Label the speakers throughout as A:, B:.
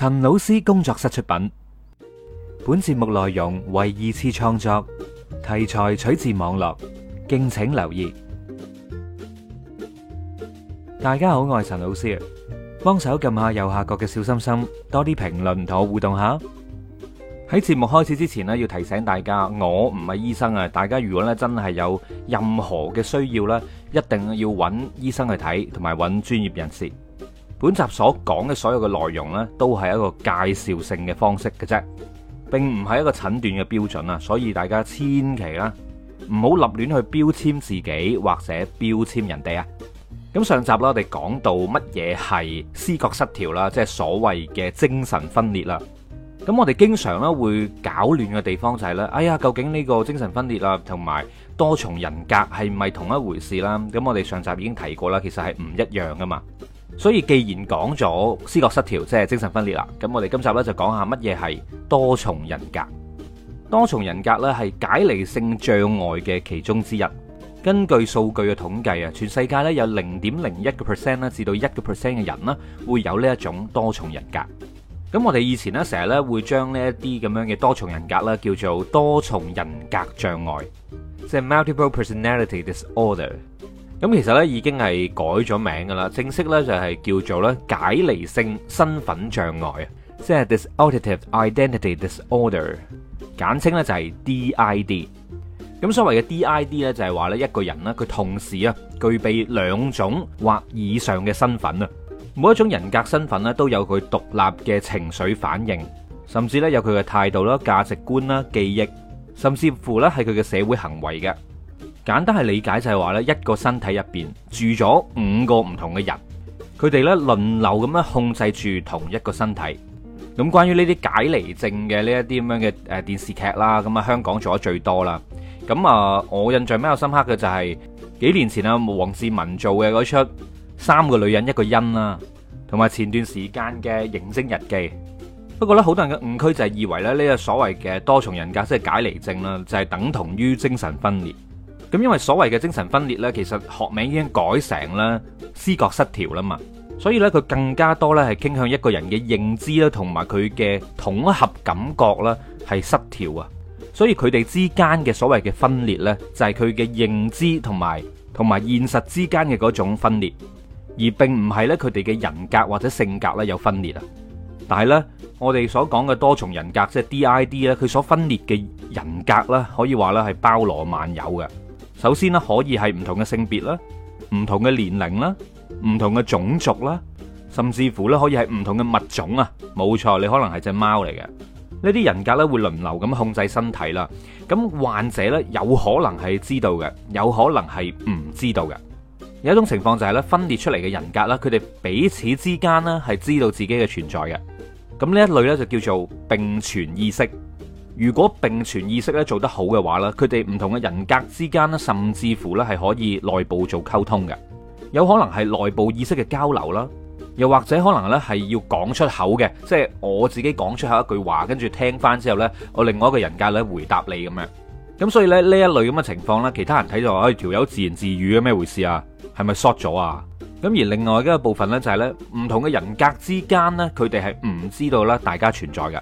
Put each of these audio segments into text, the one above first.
A: 陳老師工作室出品，本節目內容為二次創作，題材取自網絡，敬請留意。大家好，我係陳老師，幫手撳下右下角嘅小心心，多啲評論同我互動下。喺節目開始之前咧，要提醒大家，我唔係醫生啊，大家如果咧真係有任何嘅需要咧，一定要揾醫生去睇，同埋揾專業人士。本集所講嘅所有嘅內容咧，都係一個介紹性嘅方式嘅啫，並唔係一個診斷嘅標準啊，所以大家千祈啦，唔好立亂去標籤自己或者標籤人哋啊。咁上集啦，我哋講到乜嘢係思覺失調啦，即係所謂嘅精神分裂啦。咁我哋經常咧會搞亂嘅地方就係咧，哎呀，究竟呢個精神分裂啊，同埋多重人格係唔係同一回事啦？咁我哋上集已經提過啦，其實係唔一樣噶嘛。所以既然講咗思覺失調即係精神分裂啦，咁我哋今集咧就講下乜嘢係多重人格。多重人格咧係解離性障礙嘅其中之一。根據數據嘅統計啊，全世界咧有零點零一個 percent 啦至到一個 percent 嘅人啦會有呢一種多重人格。咁我哋以前咧成日咧會將呢一啲咁樣嘅多重人格咧叫做多重人格障礙，即係 multiple personality disorder。咁其實呢已經係改咗名嘅啦，正式呢就係叫做解離性身份障礙，即係 Dissociative Identity Disorder，簡稱呢就係 DID。咁所謂嘅 DID 呢，就係話呢一個人呢佢同時啊具備兩種或以上嘅身份啊，每一種人格身份呢都有佢獨立嘅情緒反應，甚至呢有佢嘅態度啦、價值觀啦、記憶，甚至乎呢係佢嘅社會行為嘅。簡單係理解就係話咧，一個身體入邊住咗五個唔同嘅人，佢哋咧輪流咁樣控制住同一個身體。咁關於呢啲解離症嘅呢一啲咁樣嘅誒電視劇啦，咁啊香港做咗最多啦。咁啊，我印象比較深刻嘅就係幾年前啊黃智雯做嘅嗰出《三個女人一個因》啦，同埋前段時間嘅《刑偵日記》。不過咧，好多人嘅誤區就係以為咧呢個所謂嘅多重人格即係解離症啦，就係等同於精神分裂。咁，因為所謂嘅精神分裂咧，其實學名已經改成啦思覺失調啦嘛，所以咧佢更加多咧係傾向一個人嘅認知咧，同埋佢嘅統合感覺咧係失調啊。所以佢哋之間嘅所謂嘅分裂咧，就係佢嘅認知同埋同埋現實之間嘅嗰種分裂，而並唔係咧佢哋嘅人格或者性格咧有分裂啊。但係咧，我哋所講嘅多重人格即係 DID 咧，佢所分裂嘅人格咧，可以話咧係包羅萬有嘅。首先咧，可以係唔同嘅性別啦，唔同嘅年齡啦，唔同嘅種族啦，甚至乎咧可以係唔同嘅物種啊，冇錯，你可能係隻貓嚟嘅。呢啲人格咧會輪流咁控制身體啦。咁患者咧有可能係知道嘅，有可能係唔知道嘅。有一種情況就係咧，分裂出嚟嘅人格啦，佢哋彼此之間咧係知道自己嘅存在嘅。咁呢一類咧就叫做並存意識。如果並存意識咧做得好嘅話呢，佢哋唔同嘅人格之間咧，甚至乎咧係可以內部做溝通嘅，有可能係內部意識嘅交流啦，又或者可能咧係要講出口嘅，即係我自己講出口一句話，跟住聽翻之後呢，我另外一個人格咧回答你咁樣，咁所以咧呢這一類咁嘅情況呢，其他人睇到話，哎，條友自言自語嘅咩回事啊？係咪 short 咗啊？咁而另外一個部分呢，就是，就係呢，唔同嘅人格之間呢，佢哋係唔知道咧大家存在嘅。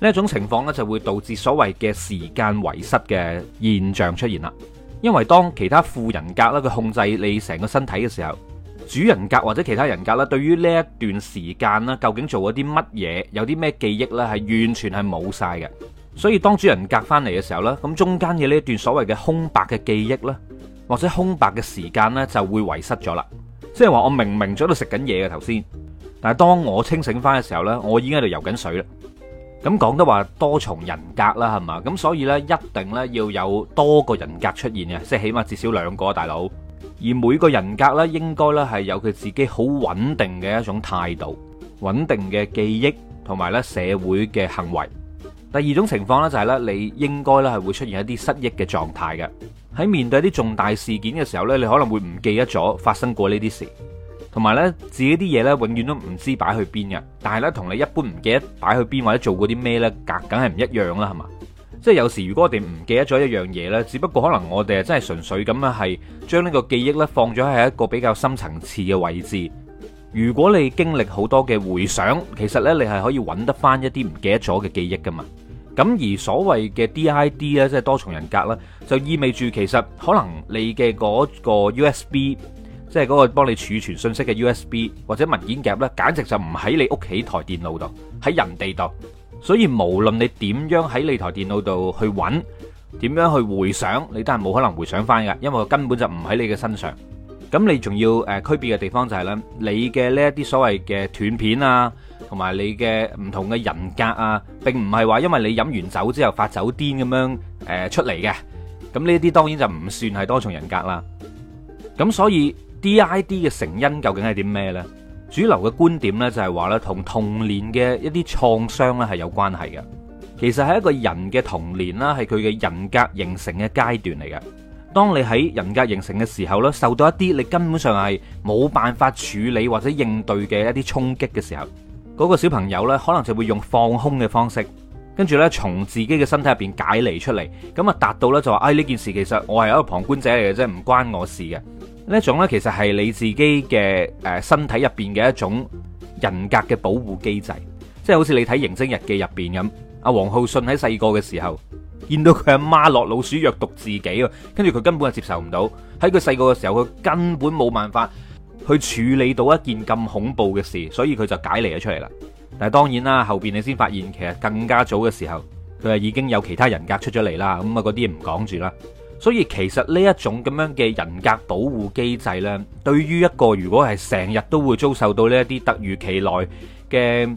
A: 呢一種情況咧，就會導致所謂嘅時間遺失嘅現象出現啦。因為當其他副人格咧，佢控制你成個身體嘅時候，主人格或者其他人格咧，對於呢一段時間啦，究竟做咗啲乜嘢，有啲咩記憶咧，係完全係冇晒嘅。所以當主人格翻嚟嘅時候咧，咁中間嘅呢一段所謂嘅空白嘅記憶咧，或者空白嘅時間咧，就會遺失咗啦。即係話我明明喺度食緊嘢嘅頭先，但係當我清醒翻嘅時候咧，我已經喺度游緊水啦。咁講得話多重人格啦，係嘛？咁所以呢，一定呢要有多個人格出現嘅，即係起碼至少兩個大佬。而每個人格呢，應該呢係有佢自己好穩定嘅一種態度、穩定嘅記憶同埋呢社會嘅行為。第二種情況呢就係呢，你應該呢係會出現一啲失憶嘅狀態嘅。喺面對啲重大事件嘅時候呢，你可能會唔記得咗發生過呢啲事。同埋呢自己啲嘢呢，永遠都唔知擺去邊嘅。但係呢，同你一般唔記得擺去邊或者做過啲咩呢，格梗係唔一樣啦，係嘛？即係有時如果我哋唔記得咗一樣嘢呢，只不過可能我哋真係純粹咁樣係將呢個記憶呢放咗喺一個比較深層次嘅位置。如果你經歷好多嘅回想，其實呢，你係可以揾得翻一啲唔記得咗嘅記憶噶嘛。咁而所謂嘅 DID 呢，即係多重人格啦，就意味住其實可能你嘅嗰個 USB。即係嗰個幫你儲存信息嘅 USB 或者文件夾咧，簡直就唔喺你屋企台電腦度，喺人哋度。所以無論你點樣喺你台電腦度去揾，點樣去回想，你都係冇可能回想翻㗎，因為佢根本就唔喺你嘅身上。咁你仲要誒區別嘅地方就係咧，你嘅呢一啲所謂嘅斷片啊，同埋你嘅唔同嘅人格啊，並唔係話因為你飲完酒之後發酒癲咁樣誒出嚟嘅。咁呢一啲當然就唔算係多重人格啦。咁所以。DID 嘅成因究竟係點咩呢？主流嘅觀點呢，就係話同童年嘅一啲創傷呢係有關係嘅。其實係一個人嘅童年啦，係佢嘅人格形成嘅階段嚟嘅。當你喺人格形成嘅時候呢，受到一啲你根本上係冇辦法處理或者應對嘅一啲衝擊嘅時候，嗰個小朋友呢，可能就會用放空嘅方式，跟住呢，從自己嘅身體入邊解離出嚟，咁啊達到呢，就話，哎呢件事其實我係一個旁觀者嚟嘅啫，唔關我事嘅。呢種種其實係你自己嘅身體入面嘅一種人格嘅保護機制，即係好似你睇《刑偵日記》入面咁，阿王浩信喺細個嘅時候見到佢阿媽落老鼠藥毒自己喎，跟住佢根本就接受唔到，喺佢細個嘅時候佢根本冇辦法去處理到一件咁恐怖嘅事，所以佢就解離咗出嚟啦。但係當然啦，後面你先發現其實更加早嘅時候，佢係已經有其他人格出咗嚟啦。咁啊，嗰啲唔講住啦。所以其實呢一種咁樣嘅人格保護機制呢，對於一個如果係成日都會遭受到呢一啲突如其來嘅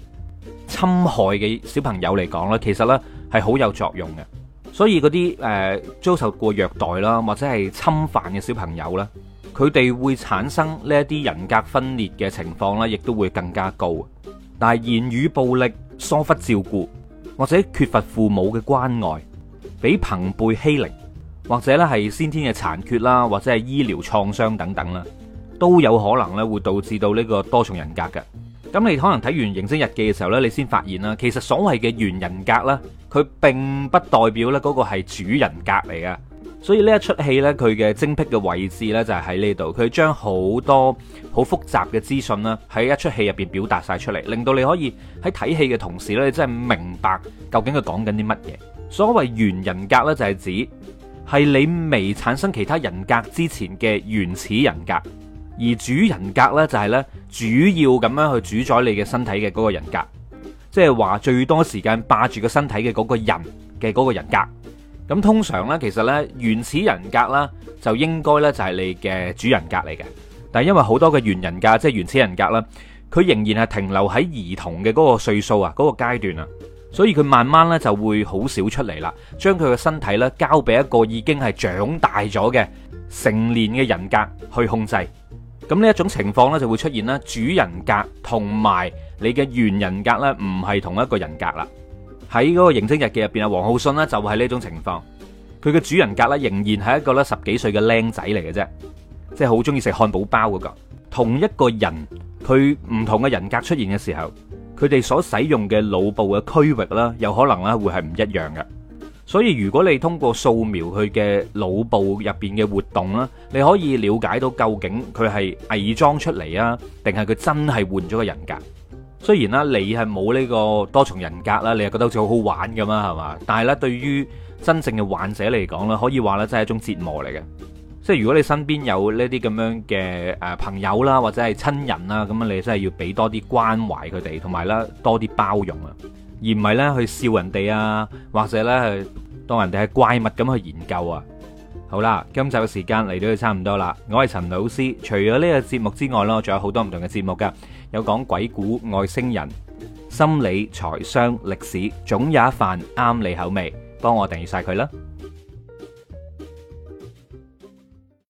A: 侵害嘅小朋友嚟講呢，其實呢係好有作用嘅。所以嗰啲誒遭受過虐待啦，或者係侵犯嘅小朋友咧，佢哋會產生呢一啲人格分裂嘅情況呢，亦都會更加高。但係言語暴力、疏忽照顧，或者缺乏父母嘅關愛，俾朋輩欺凌，或者咧係先天嘅殘缺啦，或者係醫療創傷等等啦，都有可能咧會導致到呢個多重人格嘅。咁你可能睇完《刑偵日記》嘅時候呢，你先發現啦，其實所謂嘅原人格咧，佢並不代表呢嗰個係主人格嚟嘅。所以呢一齣戲呢，佢嘅精闢嘅位置呢，就係喺呢度，佢將好多好複雜嘅資訊啦喺一齣戲入邊表達晒出嚟，令到你可以喺睇戲嘅同時呢，你真係明白究竟佢講緊啲乜嘢。所謂原人格呢，就係指。係你未產生其他人格之前嘅原始人格，而主人格呢，就係咧主要咁樣去主宰你嘅身體嘅嗰個人格，即係話最多時間霸住個身體嘅嗰個人嘅嗰個人格。咁通常呢，其實呢，原始人格啦就應該呢，就係你嘅主人格嚟嘅，但係因為好多嘅原人格即係、就是、原始人格啦，佢仍然係停留喺兒童嘅嗰個歲數啊，嗰、那個階段啊。所以佢慢慢咧就會好少出嚟啦，將佢嘅身體咧交俾一個已經係長大咗嘅成年嘅人格去控制。咁呢一種情況呢就會出現啦，主人格同埋你嘅原人格呢唔係同一個人格啦。喺嗰個刑偵日記入面，啊，王浩信呢就係呢種情況。佢嘅主人格呢仍然係一個咧十幾歲嘅僆仔嚟嘅啫，即係好中意食漢堡包嗰、那個。同一個人佢唔同嘅人格出現嘅時候，佢哋所使用嘅腦部嘅區域啦，有可能咧會係唔一樣嘅。所以如果你通過掃描佢嘅腦部入邊嘅活動啦，你可以了解到究竟佢係偽裝出嚟啊，定係佢真係換咗個人格。雖然啦，你係冇呢個多重人格啦，你又覺得好似好好玩咁啊，係嘛？但係咧，對於真正嘅患者嚟講咧，可以話咧真係一種折磨嚟嘅。即係如果你身邊有呢啲咁樣嘅誒朋友啦，或者係親人啦，咁樣你真係要俾多啲關懷佢哋，同埋咧多啲包容啊，而唔係咧去笑人哋啊，或者咧去當人哋係怪物咁去研究啊。好啦，今集嘅時間嚟到就差唔多啦，我係陳老師。除咗呢個節目之外咯，仲有好多唔同嘅節目噶，有講鬼故、外星人、心理、財商、歷史，總有一番啱你口味。幫我訂閱晒佢啦～